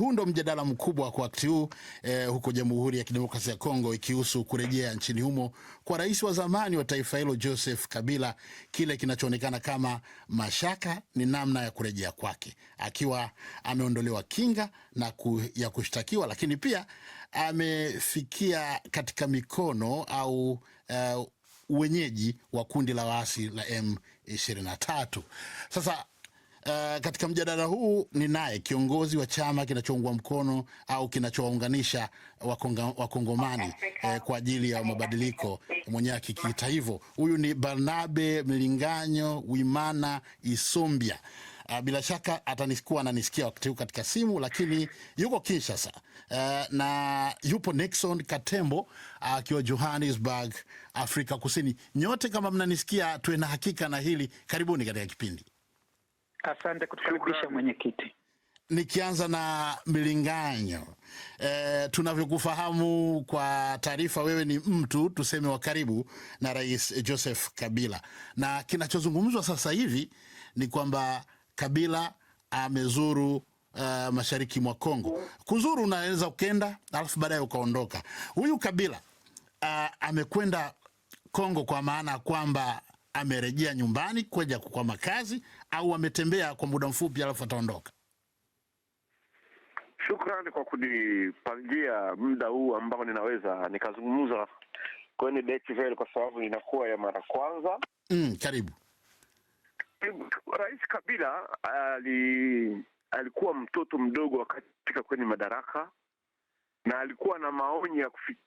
huu ndo mjadala mkubwa kwa wakati huu eh, huko Jamhuri ya Kidemokrasia ya Kongo ikihusu kurejea nchini humo kwa rais wa zamani wa taifa hilo Joseph Kabila. Kile kinachoonekana kama mashaka ni namna ya kurejea kwake, akiwa ameondolewa kinga na ku, ya kushtakiwa, lakini pia amefikia katika mikono au uh, eh, wenyeji wa kundi la waasi la M23. Sasa Eh, katika mjadala huu ni naye kiongozi wa chama kinachoungwa mkono au kinachowaunganisha wakongomani eh, kwa ajili ya mabadiliko, mwenyewe akikiita hivyo. Huyu ni Barnabe Mlinganyo Wimana Isumbia. Uh, eh, bila shaka atanikuwa ananisikia wakati huu katika simu, lakini yuko Kinshasa uh, na yupo Nixon Katembo akiwa uh, Johannesburg, Afrika Kusini. Nyote kama mnanisikia, tuwe na hakika na hili. Karibuni katika kipindi Asante kutukaribisha mwenyekiti. Nikianza na milinganyo e, tunavyokufahamu kwa taarifa, wewe ni mtu tuseme wa karibu na Rais Joseph Kabila, na kinachozungumzwa sasa hivi ni kwamba Kabila amezuru uh, mashariki mwa Kongo. Kuzuru unaweza ukenda alafu baadaye ukaondoka. Huyu Kabila uh, amekwenda Kongo kwa maana ya kwamba amerejea nyumbani kweja kwa makazi au ametembea kwa muda mfupi alafu ataondoka? Shukrani kwa kunipangia muda huu ambao ninaweza nikazungumza kwenye kwa sababu inakuwa ya mara kwanza. Mm, karibu. Rais Kabila ali, alikuwa mtoto mdogo wakatika kwenye madaraka na alikuwa na maoni ya kufikia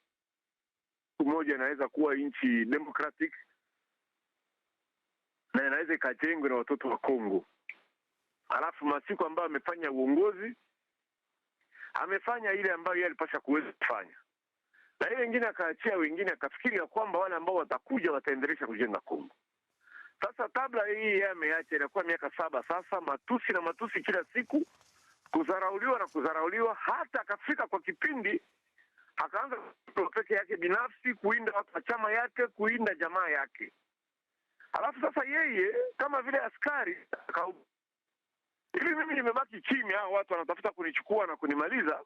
moja inaweza kuwa nchi democratic Eh, na inaweza ikajengwa na watoto wa Kongo. alafu masiku ambayo amefanya uongozi, amefanya ile ambayo yeye alipasha kuweza kufanya, na hiyo wengine akaachia wengine, akafikiri ya kwamba wale ambao watakuja wataendelesha kujenga Kongo. Sasa tabla hii yeye ameacha, inakuwa miaka saba sasa, matusi na matusi kila siku, kudharauliwa na kudharauliwa, hata akafika kwa kipindi akaanza peke yake binafsi kuinda watu wa chama yake, kuinda jamaa yake. Alafu sasa yeye kama vile askari hivi, mimi nimebaki kimya, hao watu wanatafuta kunichukua na kunimaliza.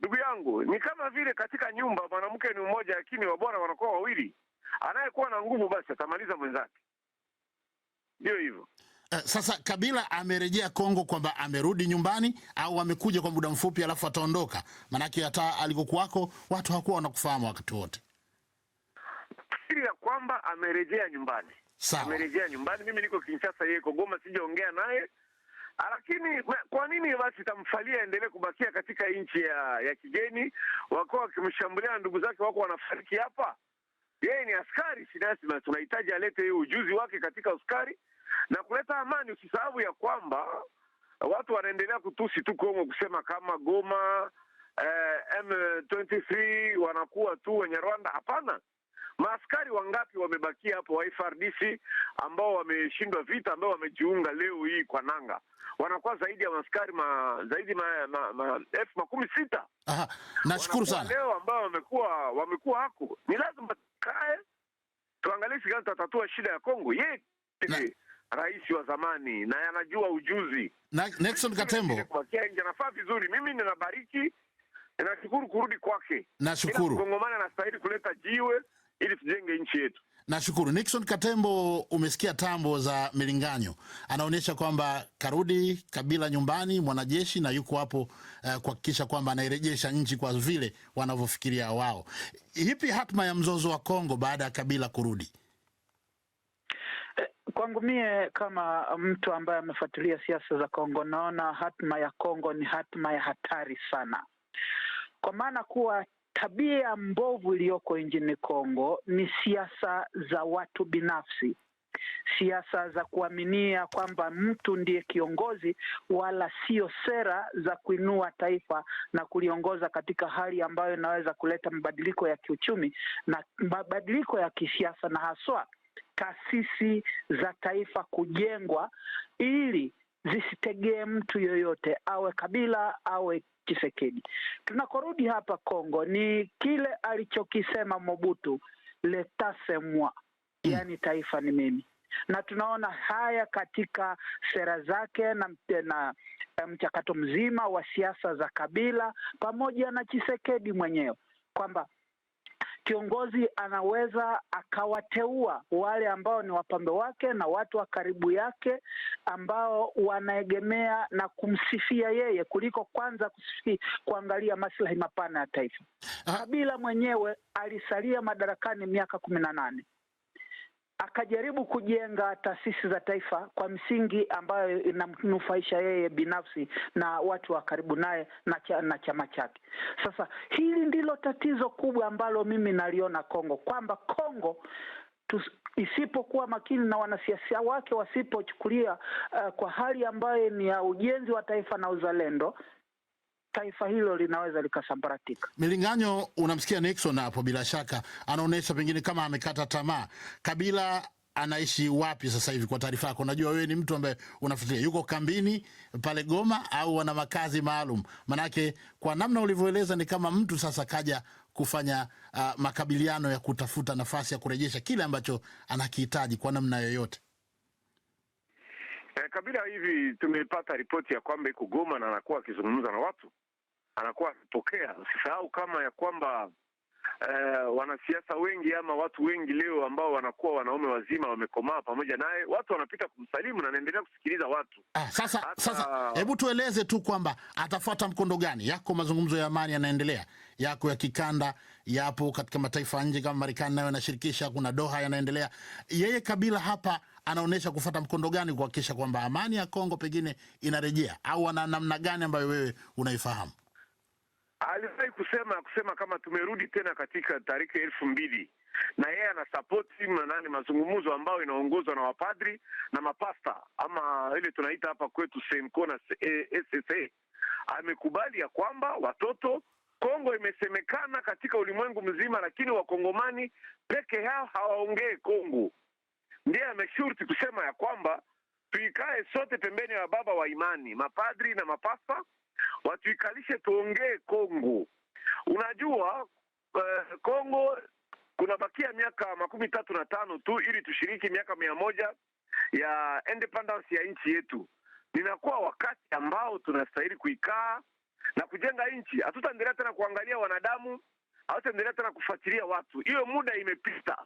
Ndugu yangu, ni kama vile katika nyumba mwanamke ni mmoja, lakini wabora wanakuwa wawili. Anayekuwa na nguvu basi atamaliza mwenzake, ndio hivyo. Uh, sasa Kabila amerejea Kongo kwamba amerudi nyumbani au amekuja kwa muda mfupi alafu ataondoka? Maanake hata alikokuwako watu hawakuwa wanakufahamu wakati wote kwamba amerejea nyumbani. Sawa. Amerejea nyumbani, mimi niko Kinshasa, yeye yuko Goma, sijaongea naye. Lakini kwa nini basi tamfalia aendelee kubakia katika nchi ya, ya kigeni, wako wakimshambulia ndugu zake wako wanafariki hapa? Yeye ni askari, si lazima tunahitaji alete hiyo ujuzi wake katika askari na kuleta amani. Usisahau ya kwamba watu wanaendelea kutusi tu Kongo kusema kama Goma eh, M23 wanakuwa tu wenye Rwanda. Hapana, Maaskari wangapi wamebakia hapo wa FRDC ambao wameshindwa vita, ambao wamejiunga leo hii kwa nanga, wanakuwa zaidi ya maaskari ma, zaidi ma, ma, ma, elfu makumi sita. Aha, nashukuru sana leo ambao wamekuwa wamekuwa hako. Ni lazima kae tuangalie gani tatatua shida ya Kongo ye rais wa zamani na anajua ujuzi na, Nelson Katembo anafaa vizuri. Mimi ninabariki, ninashukuru kurudi kwake, nashukuru kongomana, anastahili kuleta jiwe ili tujenge nchi yetu. Nashukuru. Nixon Katembo, umesikia tambo za milinganyo, anaonyesha kwamba karudi Kabila nyumbani, mwanajeshi na yuko hapo uh, kuhakikisha kwamba anairejesha nchi kwa vile wanavyofikiria wao. Ipi hatma ya mzozo wa Kongo baada ya Kabila kurudi? Eh, kwangu mie kama mtu ambaye amefuatilia siasa za Kongo, naona hatma ya Kongo ni hatma ya hatari sana, kwa maana kuwa tabia mbovu iliyoko nchini Kongo ni siasa za watu binafsi, siasa za kuaminia kwamba mtu ndiye kiongozi, wala sio sera za kuinua taifa na kuliongoza katika hali ambayo inaweza kuleta mabadiliko ya kiuchumi na mabadiliko ya kisiasa, na haswa taasisi za taifa kujengwa ili zisitegee mtu yoyote, awe kabila, awe chisekedi Tunakorudi hapa Kongo ni kile alichokisema Mobutu, leta se mm. yaani taifa ni mimi, na tunaona haya katika sera zake na, na eh, mchakato mzima wa siasa za Kabila pamoja na chisekedi mwenyewe kwamba kiongozi anaweza akawateua wale ambao ni wapambe wake na watu wa karibu yake ambao wanaegemea na kumsifia yeye kuliko kwanza kusifi, kuangalia maslahi mapana ya taifa. Ah. Kabila mwenyewe alisalia madarakani miaka kumi na nane akajaribu kujenga taasisi za taifa kwa msingi ambayo inamnufaisha yeye binafsi na watu wa karibu naye na, cha, na chama chake. Sasa hili ndilo tatizo kubwa ambalo mimi naliona Kongo, kwamba Kongo isipokuwa makini na wanasiasa wake wasipochukulia uh, kwa hali ambayo ni ya ujenzi wa taifa na uzalendo taifa hilo linaweza likasambaratika. Milinganyo, unamsikia Nixon hapo, bila shaka anaonyesha pengine kama amekata tamaa. Kabila anaishi wapi sasa hivi? Kwa taarifa yako, najua wewe ni mtu ambaye unafuatilia, yuko kambini pale Goma au ana makazi maalum? Manake kwa namna ulivyoeleza ni kama mtu sasa kaja kufanya uh, makabiliano ya kutafuta nafasi ya kurejesha kile ambacho anakihitaji kwa namna yoyote. Eh, Kabila hivi tumepata ripoti ya kwamba iko Goma na anakuwa akizungumza na watu, anakuwa akipokea. Usisahau kama ya kwamba eh, wanasiasa wengi ama watu wengi leo ambao wanakuwa wanaume wazima wamekomaa pamoja naye, watu wanapita kumsalimu na anaendelea kusikiliza watu. eh. sasa Hata... sasa hebu tueleze tu kwamba atafuata mkondo gani? Yako mazungumzo ya amani yanaendelea, yako ya kikanda, yapo katika mataifa nje kama Marekani nayo yanashirikisha, kuna Doha yanaendelea. Yeye Kabila hapa anaonyesha kufata mkondo gani kuhakikisha kwamba amani ya Kongo pengine inarejea, au ana namna gani ambayo wewe unaifahamu? Alifai kusema kusema kama tumerudi tena katika tariki elfu mbili na yeye anasapoti manani mazungumzo ambayo inaongozwa na wapadri na mapasta ama ile tunaita hapa kwetu SEMKO na SSA. Eh, Amekubali ya kwamba watoto Kongo imesemekana katika ulimwengu mzima, lakini wakongomani peke yao hawaongee Kongo ndiye ameshurti kusema ya kwamba tuikae sote pembeni ya baba wa imani, mapadri na mapasta watuikalishe, tuongee Kongo. Unajua uh, Kongo kuna bakia miaka makumi tatu na tano tu ili tushiriki miaka mia moja ya independence ya nchi yetu. Ninakuwa wakati ambao tunastahili kuikaa na kujenga nchi. Hatutaendelea tena kuangalia wanadamu, hatutaendelea tena kufuatilia watu. Hiyo muda imepita.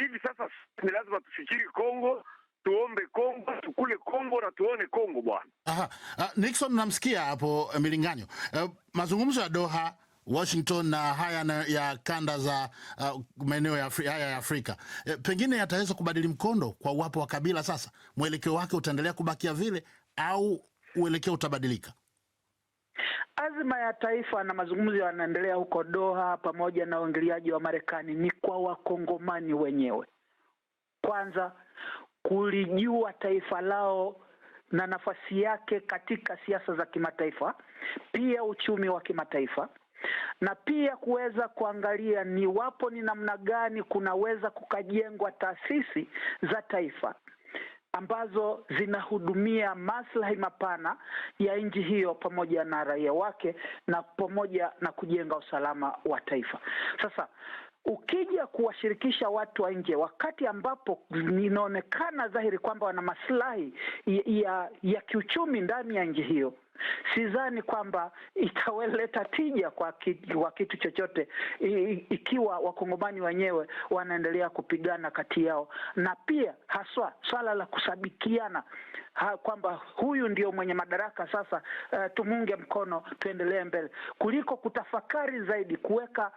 Hivi sasa ni lazima tufikiri Kongo, tuombe Kongo, tukule Kongo na tuone Kongo bwana. Aha. Ah, Nixon namsikia hapo eh, milinganyo. Uh, mazungumzo ya Doha Washington na haya na ya kanda za uh, maeneo ya Afri, haya ya Afrika e, pengine yataweza kubadili mkondo kwa uwapo wa Kabila. Sasa mwelekeo wake utaendelea kubakia vile au uelekeo utabadilika? Azma ya taifa na mazungumzo yanaendelea huko Doha pamoja na uingiliaji wa Marekani ni kwa wakongomani wenyewe, kwanza kulijua taifa lao na nafasi yake katika siasa za kimataifa, pia uchumi wa kimataifa, na pia kuweza kuangalia ni wapo ni namna gani kunaweza kukajengwa taasisi za taifa ambazo zinahudumia maslahi mapana ya nchi hiyo pamoja na raia wake na pamoja na kujenga usalama wa taifa. Sasa Ukija kuwashirikisha watu wa nje wakati ambapo inaonekana dhahiri kwamba wana masilahi ya, ya kiuchumi ndani ya nchi hiyo, sidhani kwamba itaweleta tija kwa, kitu, kwa kitu chochote ikiwa wakongomani wenyewe wanaendelea kupigana kati yao, na pia haswa swala la kusabikiana ha, kwamba huyu ndio mwenye madaraka sasa, uh, tumunge mkono tuendelee mbele, kuliko kutafakari zaidi kuweka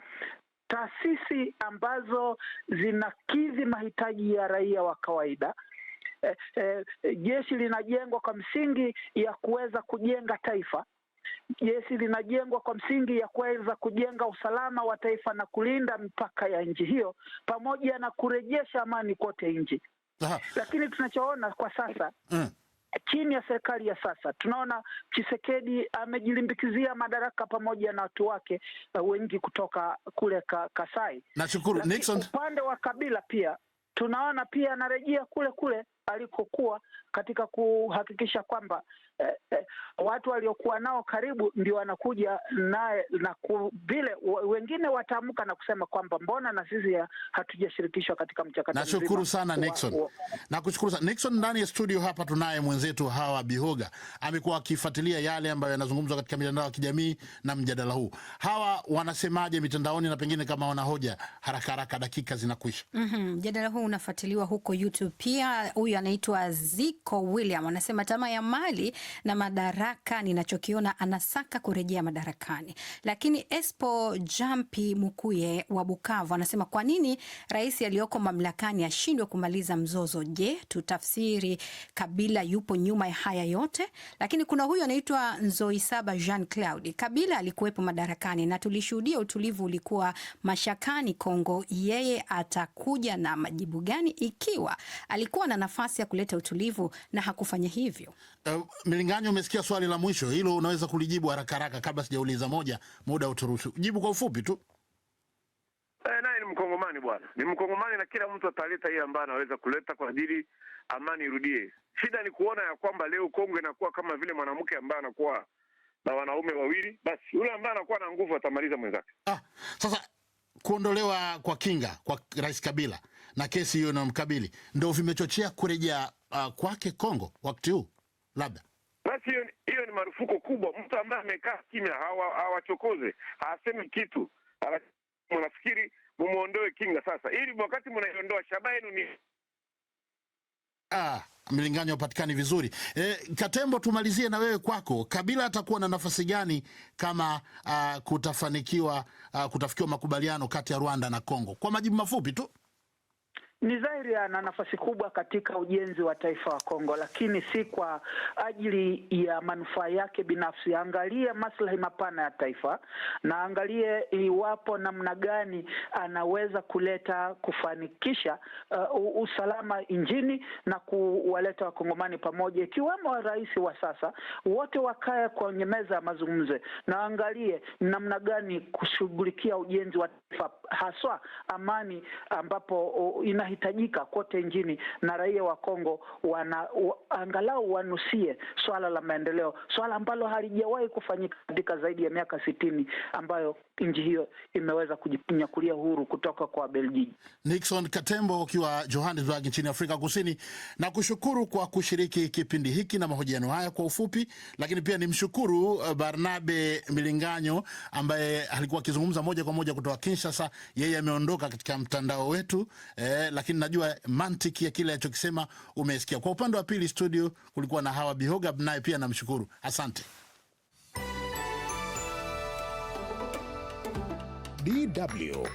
taasisi ambazo zinakidhi mahitaji ya raia wa kawaida. eh, eh, jeshi linajengwa kwa msingi ya kuweza kujenga taifa. Jeshi linajengwa kwa msingi ya kuweza kujenga usalama wa taifa na kulinda mipaka ya nchi hiyo pamoja na kurejesha amani kote nchi. Lakini tunachoona kwa sasa mm chini ya serikali ya sasa tunaona Chisekedi amejilimbikizia madaraka pamoja na watu wake uh, wengi kutoka kule ka, Kasai. Nashukuru Nixon. Upande wa Kabila pia tunaona pia anarejea kule kule alikokuwa katika kuhakikisha kwamba eh, eh, watu waliokuwa nao karibu ndio wanakuja naye na vile wengine wataamka na kusema kwamba mbona na sisi hatujashirikishwa katika mchakato. Nashukuru sana Nixon, nakushukuru sana Nixon. Ndani ya studio hapa tunaye mwenzetu Hawa Bihoga, amekuwa akifuatilia yale ambayo yanazungumzwa katika mitandao ya kijamii na mjadala huu. Hawa, wanasemaje mitandaoni, na pengine kama wanahoja haraka haraka, dakika zinakwisha mm -hmm. Mjadala huu unafuatiliwa huko YouTube pia huyo huyu anaitwa Ziko William anasema tamaa ya mali na madaraka, ninachokiona anasaka kurejea madarakani. Lakini Espo Jampi Mukuye wa Bukavu anasema kwa nini rais aliyoko mamlakani ashindwe kumaliza mzozo? Je, tutafsiri Kabila yupo nyuma ya haya yote? Lakini kuna huyu anaitwa Saba Jean Claude, Kabila alikuwepo madarakani na tulishuhudia utulivu ulikuwa mashakani Kongo, yeye atakuja na majibu gani ikiwa alikuwa na nafasi nafasi ya kuleta utulivu na hakufanya hivyo. Uh, eh, Milinganyo, umesikia swali la mwisho hilo, unaweza kulijibu haraka haraka kabla sijauliza moja, muda uturuhusu. Jibu kwa ufupi tu. Eh, naye ni mkongomani bwana, ni mkongomani na kila mtu ataleta ile ambayo anaweza kuleta kwa ajili amani irudie. Shida ni kuona ya kwamba leo Kongo inakuwa kama vile mwanamke ambaye anakuwa na wanaume wawili, basi yule ambaye anakuwa na nguvu atamaliza mwenzake. Ah, sasa kuondolewa kwa kinga kwa Rais Kabila na kesi hiyo inayomkabili ndo vimechochea kurejea uh, kwake Kongo wakati huu labda basi hiyo, hiyo ni marufuku kubwa. Mtu ambaye amekaa kimya hawachokoze hawa hasemi kitu, mnafikiri mumwondoe kinga sasa, ili wakati mnaiondoa shaba yenu ni ah, mlinganyo haupatikani vizuri. E, Katembo, tumalizie na wewe kwako. Kabila atakuwa na nafasi gani kama uh, kutafanikiwa uh, kutafikiwa makubaliano kati ya Rwanda na Kongo? Kwa majibu mafupi tu. Ni dhahiri ana nafasi kubwa katika ujenzi wa taifa wa Kongo, lakini si kwa ajili ya manufaa yake binafsi. Angalie maslahi mapana ya taifa na angalie iwapo namna gani anaweza kuleta kufanikisha uh, usalama nchini na kuwaleta wakongomani pamoja, ikiwemo rais wa sasa, wote wakae kwenye meza ya mazungumzo na angalie namna gani kushughulikia ujenzi wa taifa, haswa amani ambapo uh, ina unahitajika kote nchini, na raia wa Kongo wana wa, angalau wanusie swala la maendeleo, swala ambalo halijawahi kufanyika katika zaidi ya miaka sitini ambayo nchi hiyo imeweza kujinyakulia huru kutoka kwa Belgiji. Nixon Katembo ukiwa Johannesburg nchini Afrika Kusini, na kushukuru kwa kushiriki kipindi hiki na mahojiano haya kwa ufupi, lakini pia nimshukuru eh, Barnabe Milinganyo ambaye alikuwa akizungumza moja kwa moja kutoka Kinshasa. Yeye ameondoka katika mtandao wetu eh, lakini najua mantiki ya kile alichokisema umesikia. Kwa upande wa pili studio kulikuwa na Hawa Bihoga, naye pia namshukuru, asante. DW